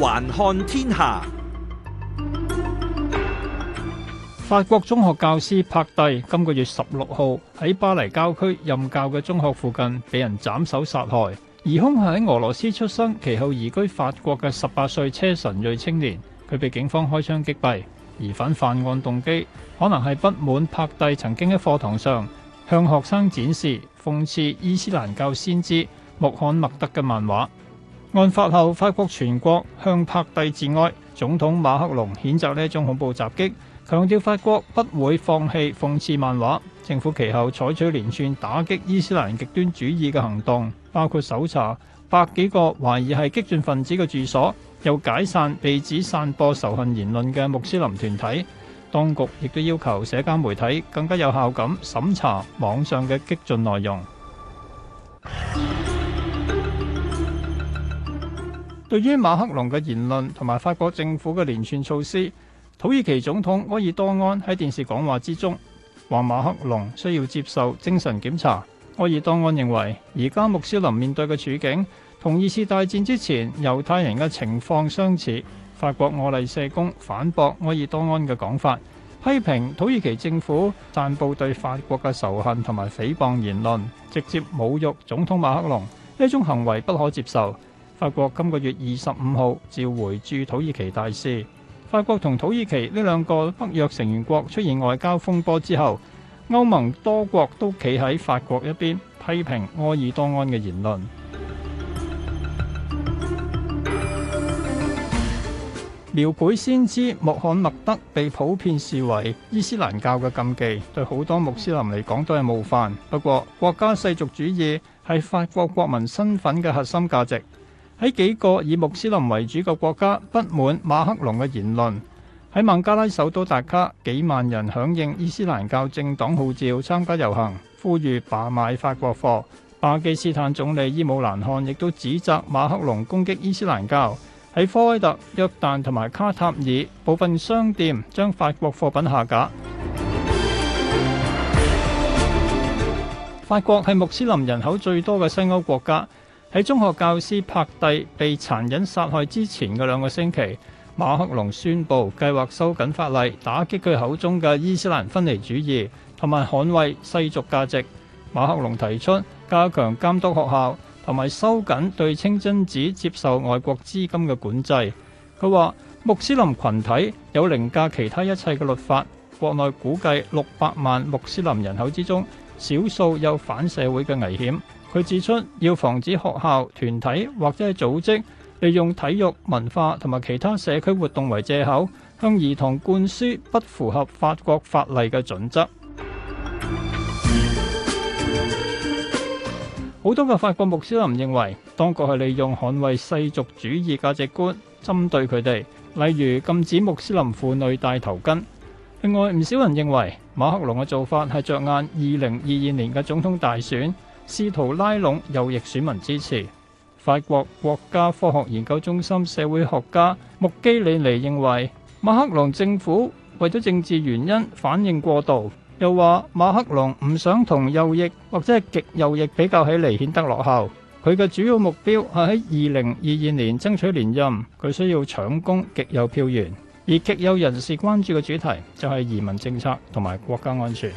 環看天下，法國中學教師柏蒂今個月十六號喺巴黎郊區任教嘅中學附近被人斬首殺害。疑兇係喺俄羅斯出生，其後移居法國嘅十八歲車臣裔青年，佢被警方開槍擊斃。疑犯犯案動機可能係不滿柏蒂曾經喺課堂上向學生展示諷刺伊斯蘭教先知穆罕默德嘅漫畫。案發後，法國全國向柏帝致哀，總統馬克龍譴責呢一種恐怖襲擊，強調法國不會放棄諷刺漫畫。政府其後採取一連串打擊伊斯蘭極端主義嘅行動，包括搜查百幾個懷疑係激進分子嘅住所，又解散被指散播仇恨言論嘅穆斯林團體。當局亦都要求社交媒體更加有效咁審查網上嘅激進內容。對於馬克龍嘅言論同埋法國政府嘅連串措施，土耳其總統埃爾多安喺電視講話之中話馬克龍需要接受精神檢查。埃爾多安認為，而家穆斯林面對嘅處境同二次大戰之前猶太人嘅情況相似。法國愛麗舍宮反駁埃爾多安嘅講法，批評土耳其政府散布對法國嘅仇恨同埋誹謗言論，直接侮辱總統馬克龍，呢種行為不可接受。法國今個月二十五號召回駐土耳其大使。法國同土耳其呢兩個北約成員國出現外交風波之後，歐盟多國都企喺法國一邊，批評埃爾多安嘅言論。苗輩先知穆罕默德被普遍視為伊斯蘭教嘅禁忌，對好多穆斯林嚟講都係冒犯。不過，國家世俗主義係法國國民身份嘅核心價值。喺幾個以穆斯林為主嘅國家，不滿馬克龍嘅言論，喺孟加拉首都達卡，幾萬人響應伊斯蘭教政黨號召參加遊行，呼籲罷買法國貨。巴基斯坦總理伊姆蘭汗亦都指責馬克龍攻擊伊斯蘭教。喺科威特、約旦同埋卡塔爾，部分商店將法國貨品下架。法國係穆斯林人口最多嘅西歐國家。喺中學教師柏蒂被殘忍殺害之前嘅兩個星期，馬克龍宣布計劃收緊法例，打擊佢口中嘅伊斯蘭分離主義同埋捍衛世俗價值。馬克龍提出加強監督學校同埋收緊對清真寺接受外國資金嘅管制。佢話穆斯林群體有凌駕其他一切嘅律法，國內估計六百萬穆斯林人口之中。少數有反社會嘅危險。佢指出，要防止學校團體或者係組織利用體育文化同埋其他社區活動為藉口，向兒童灌輸不符合法國法例嘅準則。好 多嘅法國穆斯林認為，當局係利用捍衞世俗主義價值觀針對佢哋，例如禁止穆斯林婦女戴頭巾。另外，唔少人認為馬克龍嘅做法係着眼2022年嘅總統大選，試圖拉攏右翼選民支持。法國國家科學研究中心社會學家穆基里尼認為，馬克龍政府為咗政治原因反應過度，又話馬克龍唔想同右翼或者係極右翼比較起嚟顯得落後。佢嘅主要目標係喺2022年爭取連任，佢需要搶攻極右票源。而極右人士關注嘅主題就係移民政策同埋國家安全。